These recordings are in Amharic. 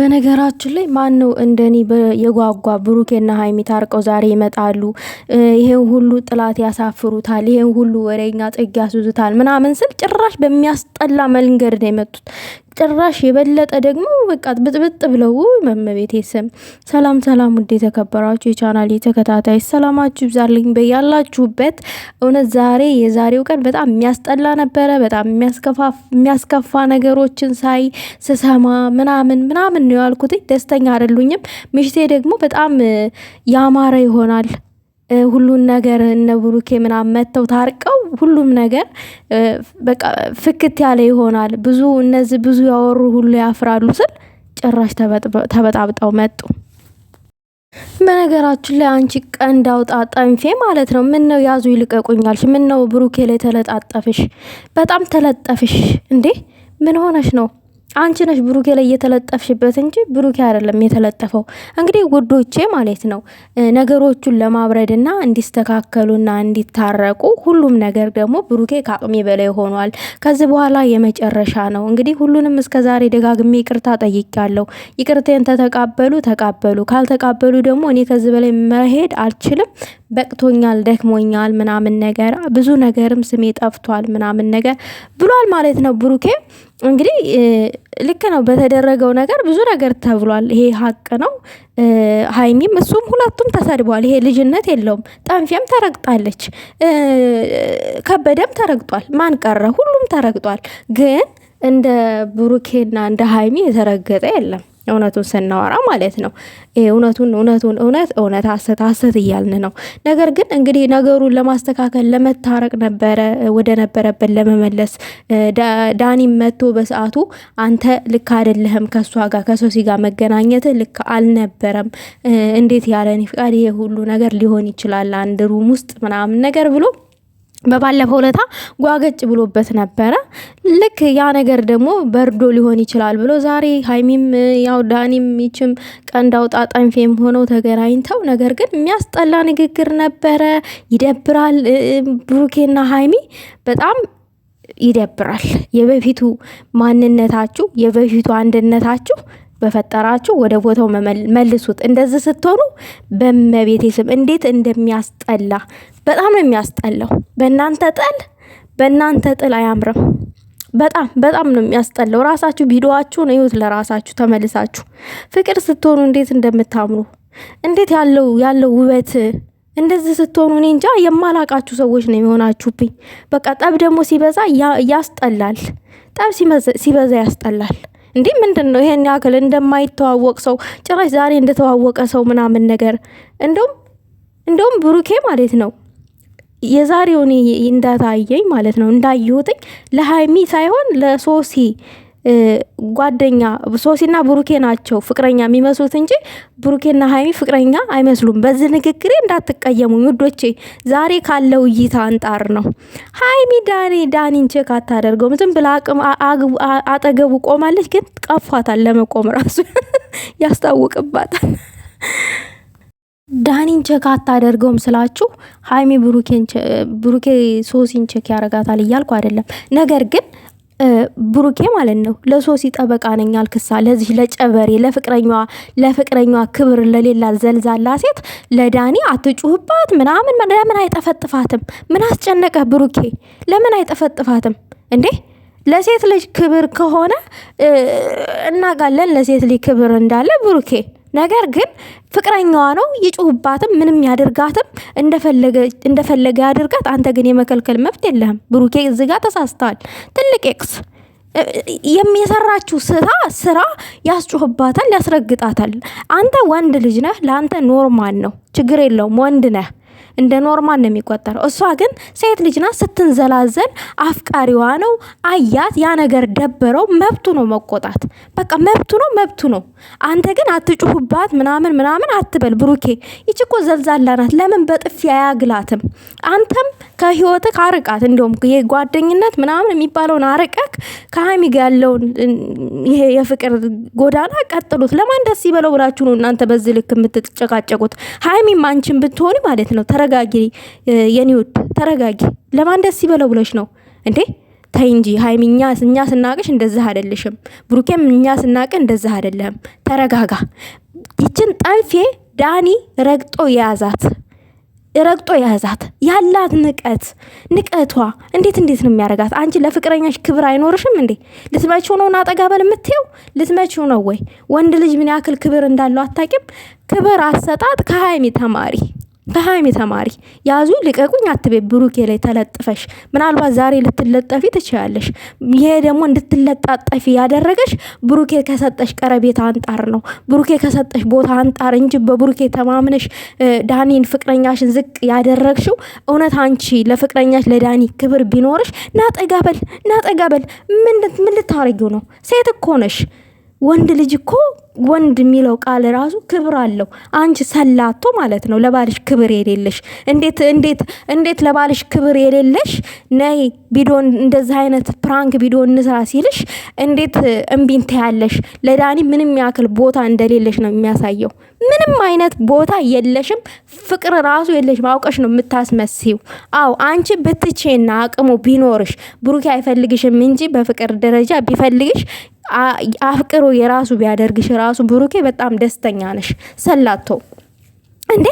በነገራችን ላይ ማን ነው እንደኔ የጓጓ ብሩኬና ሀይሚ ታርቀው ዛሬ ይመጣሉ፣ ይሄን ሁሉ ጥላት ያሳፍሩታል፣ ይሄን ሁሉ ወሬኛ ጥግ ያስዙታል ምናምን ስል ጭራሽ በሚያስጠላ መንገድ ነው የመጡት። ጭራሽ የበለጠ ደግሞ በቃ ብጥብጥ ብለው መመቤት ስም ሰላም ሰላም፣ ውድ የተከበራችሁ የቻናል የተከታታይ ሰላማችሁ ይብዛልኝ በያላችሁበት። እውነት ዛሬ የዛሬው ቀን በጣም የሚያስጠላ ነበረ። በጣም የሚያስከፋ ነገሮችን ሳይ ስሰማ ምናምን ምናምን ነው ያልኩት። ደስተኛ አይደሉኝም። ምሽቴ ደግሞ በጣም ያማረ ይሆናል ሁሉን ነገር እነ ብሩኬ ምናምን መጥተው ታርቀው ሁሉም ነገር በቃ ፍክት ያለ ይሆናል። ብዙ እነዚህ ብዙ ያወሩ ሁሉ ያፍራሉ ስል ጭራሽ ተበጣብጠው መጡ። በነገራችን ላይ አንቺ ቀንድ አውጣ ጠንፌ ማለት ነው። ምን ነው ያዙ ይልቀቁኛልሽ? ምን ነው ብሩኬ ላይ ተለጣጠፍሽ? በጣም ተለጠፍሽ እንዴ? ምን ሆነሽ ነው? አንቺ ነሽ ብሩኬ ላይ እየተለጠፍሽበት እንጂ ብሩኬ አይደለም የተለጠፈው። እንግዲህ ውዶቼ ማለት ነው ነገሮቹን ለማብረድና እንዲስተካከሉና እንዲታረቁ ሁሉም ነገር ደግሞ ብሩኬ ከአቅሜ በላይ ሆኗል። ከዚህ በኋላ የመጨረሻ ነው። እንግዲህ ሁሉንም እስከዛሬ ደጋግሜ ይቅርታ ጠይቄያለሁ። ይቅርቴን ተተቃበሉ ተቃበሉ፣ ካልተቃበሉ ደግሞ እኔ ከዚህ በላይ መሄድ አልችልም። በቅቶኛል፣ ደክሞኛል፣ ምናምን ነገር ብዙ ነገርም ስሜ ጠፍቷል ምናምን ነገር ብሏል ማለት ነው ብሩኬ እንግዲህ ልክ ነው። በተደረገው ነገር ብዙ ነገር ተብሏል። ይሄ ሀቅ ነው። ሀይሚም እሱም ሁለቱም ተሰድበዋል። ይሄ ልጅነት የለውም። ጠንፌም ተረግጣለች፣ ከበደም ተረግጧል። ማን ቀረ? ሁሉም ተረግጧል። ግን እንደ ብሩኬና እንደ ሀይሚ የተረገጠ የለም። እውነቱን ስናወራ ማለት ነው። እውነቱን እውነቱን እውነት እውነት አሰት ሀሰት እያልን ነው። ነገር ግን እንግዲህ ነገሩን ለማስተካከል ለመታረቅ ነበረ ወደ ነበረበት ለመመለስ ዳኒም መጥቶ በሰዓቱ አንተ ልክ አይደለህም፣ ከእሷ ጋር ከሶሲ ጋር መገናኘት ልክ አልነበረም፣ እንዴት ያለን ፍቃድ ይሄ ሁሉ ነገር ሊሆን ይችላል አንድ ሩም ውስጥ ምናምን ነገር ብሎ በባለፈው ለታ ጓገጭ ብሎበት ነበረ። ልክ ያ ነገር ደግሞ በርዶ ሊሆን ይችላል ብሎ ዛሬ ሀይሚም ያው ዳኒም ይችም ቀንድ አውጣ ጠንፌም ሆነው ተገናኝተው ነገር ግን የሚያስጠላ ንግግር ነበረ። ይደብራል። ብሩኬና ሀይሚ በጣም ይደብራል። የበፊቱ ማንነታችሁ የበፊቱ አንድነታችሁ በፈጠራችሁ ወደ ቦታው መልሱት። እንደዚህ ስትሆኑ በመቤቴ ስም እንዴት እንደሚያስጠላ በጣም ነው የሚያስጠላው። በእናንተ ጥል በእናንተ ጥል አያምርም። በጣም በጣም ነው የሚያስጠላው። ራሳችሁ ቪዲዮዋችሁን እዩት፣ ለራሳችሁ ተመልሳችሁ ፍቅር ስትሆኑ እንዴት እንደምታምሩ እንዴት ያለው ያለው ውበት እንደዚህ ስትሆኑ እኔ እንጃ የማላቃችሁ ሰዎች ነው የሚሆናችሁብኝ። በቃ ጠብ ደግሞ ሲበዛ ያስጠላል። ጠብ ሲበዛ ያስጠላል። እንዴ ምንድን ነው ይሄን ያክል እንደማይተዋወቅ ሰው ጭራሽ ዛሬ እንደተዋወቀ ሰው ምናምን ነገር እንደውም እንደውም ብሩኬ ማለት ነው የዛሬውን እንዳታየኝ ማለት ነው እንዳየሁትኝ ለሀይሚ ሳይሆን ለሶሲ ጓደኛ ሶሲና ብሩኬ ናቸው ፍቅረኛ የሚመስሉት እንጂ ብሩኬና ሀይሚ ፍቅረኛ አይመስሉም። በዚህ ንግግሬ እንዳትቀየሙኝ ውዶቼ፣ ዛሬ ካለው እይታ አንጣር ነው። ሀይሚ ዳኒ ዳኒን ቼክ አታደርገውም። ዝም ብላ አጠገቡ ቆማለች፣ ግን ቀፏታል። ለመቆም ራሱ ያስታውቅባታል። ዳኒን ቸክ አታደርገውም ስላችሁ ሀይሚ ብሩኬ ሶሲን ቸክ ያረጋታል እያልኩ አይደለም። ነገር ግን ብሩኬ ማለት ነው ለሶሲ ጠበቃ ነኝ አልክሳ ለዚህ ለጨበሬ ለፍቅረኛ ለፍቅረኛ ክብር ለሌላ ዘልዛላ ሴት ለዳኒ አትጩህባት ምናምን ለምን አይጠፈጥፋትም? ምን አስጨነቀ ብሩኬ? ለምን አይጠፈጥፋትም እንዴ? ለሴት ልጅ ክብር ከሆነ እናጋለን። ለሴት ልጅ ክብር እንዳለ ብሩኬ ነገር ግን ፍቅረኛዋ ነው ይጩህባትም፣ ምንም ያደርጋትም፣ እንደፈለገ ያደርጋት። አንተ ግን የመከልከል መብት የለህም። ብሩኬ እዚህ ጋር ተሳስተዋል። ትልቅ ኤክስ የሚሰራችው ስራ ስራ ያስጩህባታል፣ ያስረግጣታል። አንተ ወንድ ልጅ ነህ፣ ለአንተ ኖርማል ነው፣ ችግር የለውም፣ ወንድ ነህ። እንደ ኖርማል ነው የሚቆጠረው። እሷ ግን ሴት ልጅ ናት። ስትንዘላዘል አፍቃሪዋ ነው አያት። ያ ነገር ደበረው። መብቱ ነው መቆጣት፣ በቃ መብቱ ነው መብቱ ነው። አንተ ግን አትጩሁባት ምናምን ምናምን አትበል ብሩኬ። ይቺ እኮ ዘልዛላ ናት። ለምን በጥፊ አያግላትም? አንተም ከህይወት አርቃት። እንደውም የጓደኝነት ምናምን የሚባለውን አርቀክ ከሀሚ ጋ ያለውን ይሄ የፍቅር ጎዳና ቀጥሉት። ለማን ደስ ይበለው ብላችሁ ነው እናንተ በዚህ ልክ የምትጨቃጨቁት? ሀይሚም አንቺን ብትሆን ማለት ነው ተረጋጊ የኒውድ ተረጋጊ። ለማን ደስ ይበለው ብለሽ ነው እንዴ? ተይ እንጂ ሀይሚ፣ እኛ ስናቅሽ እንደዚህ አይደለሽም። ብሩኬም እኛ ስናቅ እንደዚህ አይደለም። ተረጋጋ። ይችን ጠንፌ ዳኒ ረግጦ የያዛት ረግጦ የያዛት ያላት ንቀት ንቀቷ እንዴት እንዴት ነው የሚያደርጋት አንቺ ለፍቅረኛሽ ክብር አይኖርሽም እንዴ? ልትመችው ነው ናጠጋበል የምትየው ልትመችው ነው ወይ? ወንድ ልጅ ምን ያክል ክብር እንዳለው አታቂም? ክብር አሰጣጥ ከሀይሚ ተማሪ በሀይሚ ተማሪ ያዙ ልቀቁኝ አትቤ ብሩኬ ላይ ተለጥፈሽ ምናልባት ዛሬ ልትለጠፊ ትችላለሽ። ይሄ ደግሞ እንድትለጣጠፊ ያደረገሽ ብሩኬ ከሰጠሽ ቀረቤታ አንጣር ነው፣ ብሩኬ ከሰጠሽ ቦታ አንጣር እንጂ በብሩኬ ተማምነሽ ዳኒን ፍቅረኛሽን ዝቅ ያደረግሽው። እውነት አንቺ ለፍቅረኛሽ ለዳኒ ክብር ቢኖርሽ ናጠጋበል ናጠጋበል ምን ልታረጊው ነው? ሴት እኮ ነሽ። ወንድ ልጅ እኮ ወንድ የሚለው ቃል ራሱ ክብር አለው። አንቺ ሰላቶ ማለት ነው። ለባልሽ ክብር የሌለሽ እንዴት እንዴት እንዴት ለባልሽ ክብር የሌለሽ ነይ ቪዲዮ እንደዚህ አይነት ፕራንክ ቪዲዮ እንስራ ሲልሽ እንዴት እምቢንተ ያለሽ? ለዳኒ ምንም ያክል ቦታ እንደሌለሽ ነው የሚያሳየው። ምንም አይነት ቦታ የለሽም፣ ፍቅር ራሱ የለሽም። አውቀሽ ነው የምታስመስው። አዎ አንቺ ብትቼና አቅሙ ቢኖርሽ ብሩኬ አይፈልግሽም እንጂ በፍቅር ደረጃ ቢፈልግሽ አፍቅሮ የራሱ ቢያደርግሽ ራሱ ብሩኬ በጣም ደስተኛ ነሽ። ሰላቶ እንዴ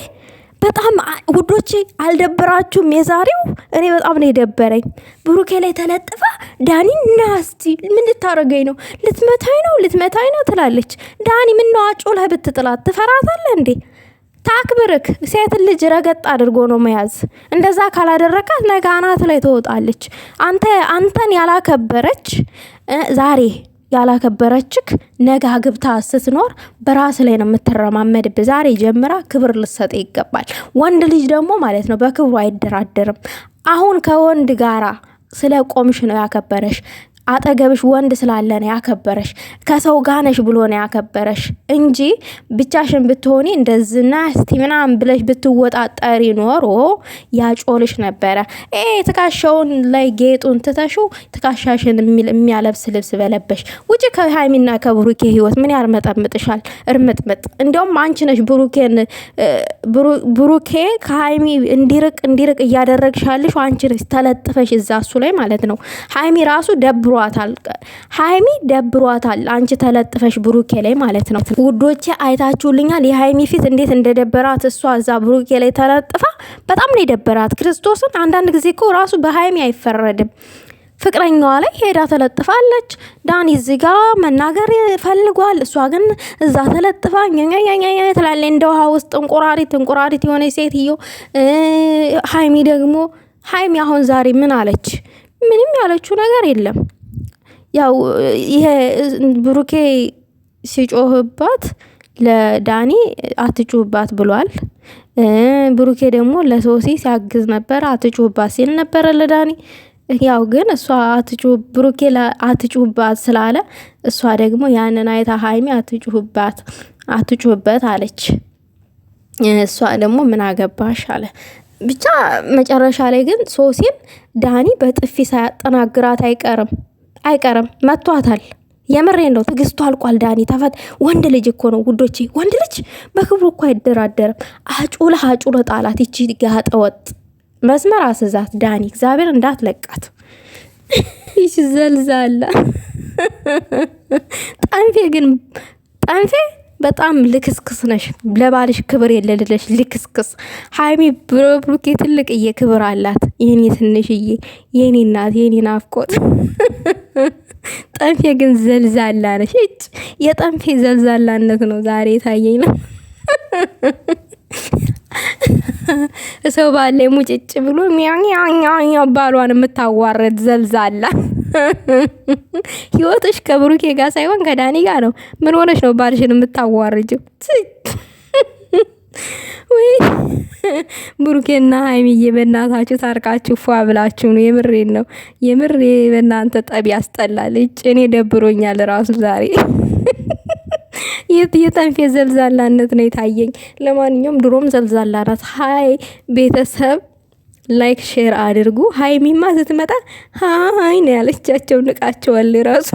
በጣም ውዶች አልደበራችሁም? የዛሬው እኔ በጣም ነው የደበረኝ። ብሩኬ ላይ ተለጥፈ ዳኒ ናስቲ ምን ልታደርገኝ ነው? ልትመታኝ ነው ልትመታኝ ነው ትላለች። ዳኒ ምነው አጮለህ ብትጥላት ትፈራታለህ እንዴ? ታክብርክ ሴት ልጅ ረገጥ አድርጎ ነው መያዝ። እንደዛ ካላደረጋት ነገ አናት ላይ ትወጣለች። አንተ አንተን ያላከበረች ዛሬ ያላከበረችክ ነገ ግብታ ስትኖር በራስ ላይ ነው የምትረማመድብ። ዛሬ ጀምራ ክብር ልሰጥ ይገባል። ወንድ ልጅ ደግሞ ማለት ነው በክብሩ አይደራደርም። አሁን ከወንድ ጋራ ስለ ቆምሽ ነው ያከበረሽ። አጠገብሽ ወንድ ስላለ ነው ያከበረሽ። ከሰው ጋነሽ ብሎ ነው ያከበረሽ እንጂ ብቻሽን ብትሆኒ እንደዝና እስቲ ምናምን ብለሽ ብትወጣጠሪ ኖሮ ያጮልሽ ነበረ። ይሄ ትካሻውን ላይ ጌጡን ትተሹ ትካሻሽን የሚያለብስ ልብስ በለበሽ ውጭ ከሀይሚና ከብሩኬ ህይወት ምን ያርመጠምጥሻል? እርምጥምጥ እንዲያውም አንቺ ነሽ ብሩኬን ብሩኬ ከሀይሚ እንዲርቅ እንዲርቅ እያደረግሻልሽ አንቺ ተለጥፈሽ እዛ እሱ ላይ ማለት ነው ሀይሚ ራሱ ደብሯ ደብሯታል። ሀይሚ ደብሯታል። አንቺ ተለጥፈሽ ብሩኬ ላይ ማለት ነው ውዶቼ፣ አይታችሁልኛል የሀይሚ ፊት እንዴት እንደደበራት እሷ እዛ ብሩኬ ላይ ተለጥፋ በጣም ነው የደበራት። ክርስቶስን አንዳንድ ጊዜ እኮ ራሱ በሀይሚ አይፈረድም። ፍቅረኛዋ ላይ ሄዳ ተለጥፋለች። ዳኒ እዚህ መናገር ፈልጓል። እሷ ግን እዛ ተለጥፋ ትላለች። እንደ ውሃ ውስጥ እንቁራሪት እንቁራሪት የሆነች ሴትዮ። ሀይሚ ደግሞ ሀይሚ አሁን ዛሬ ምን አለች? ምንም ያለችው ነገር የለም። ያው ይሄ ብሩኬ ሲጮህባት ለዳኒ አትጩህባት ብሏል። ብሩኬ ደግሞ ለሶሲ ሲያግዝ ነበረ አትጩህባት ሲል ነበረ ለዳኒ ያው ግን እሷ ብሩኬ አትጩህባት ስላለ እሷ ደግሞ ያንን አይታ ሀይሚ አትጩህባት አትጩህበት አለች። እሷ ደግሞ ምን አገባሽ አለ። ብቻ መጨረሻ ላይ ግን ሶሲን ዳኒ በጥፊ ሳያጠናግራት አይቀርም። አይቀርም መቷታል። የምሬን ነው። ትግስቱ አልቋል። ዳኒ ተፈት ወንድ ልጅ እኮ ነው ውዶቼ፣ ወንድ ልጅ በክብሩ እኮ አይደራደርም። አጩ ለአጩ ለጣላት ይቺ ጋጠወጥ መስመር አስዛት ዳኒ፣ እግዚአብሔር እንዳትለቃት ይቺ ዘልዛላ ጠንፌ። ግን ጠንፌ በጣም ልክስክስ ነሽ። ለባልሽ ክብር የለልለሽ ልክስክስ ሀይሚ ብሩኬ ትልቅዬ ክብር አላት። የኔ ትንሽዬ፣ የኔ እናት፣ የኔ ናፍቆት ጠንፌ ግን ዘልዛላ ነች። እጭ የጠንፌ ዘልዛላነት ነው ዛሬ የታየኝ ነው። ሰው ባለ ሙጭጭ ብሎ ባሏን የምታዋረድ ዘልዛላ። ህይወትሽ ከብሩኬ ጋር ሳይሆን ከዳኒ ጋር ነው። ምን ሆነሽ ነው ባልሽን የምታዋርጅው? ወይ ብሩኬና ሀይሚዬ በእናታችሁ ታርቃችሁ ፏ ብላችሁ ነው። የምሬን ነው። የምሬ በእናንተ ጠብ ያስጠላል። እኔ ደብሮኛል ራሱ ዛሬ የጠንፌ ዘልዛላነት ነው የታየኝ። ለማንኛውም ድሮም ዘልዛላ ናት። ሀይ ቤተሰብ ላይክ ሼር አድርጉ። ሀይሚማ ስትመጣ ሀይ ነው ያለቻቸው። ንቃቸዋል ራሱ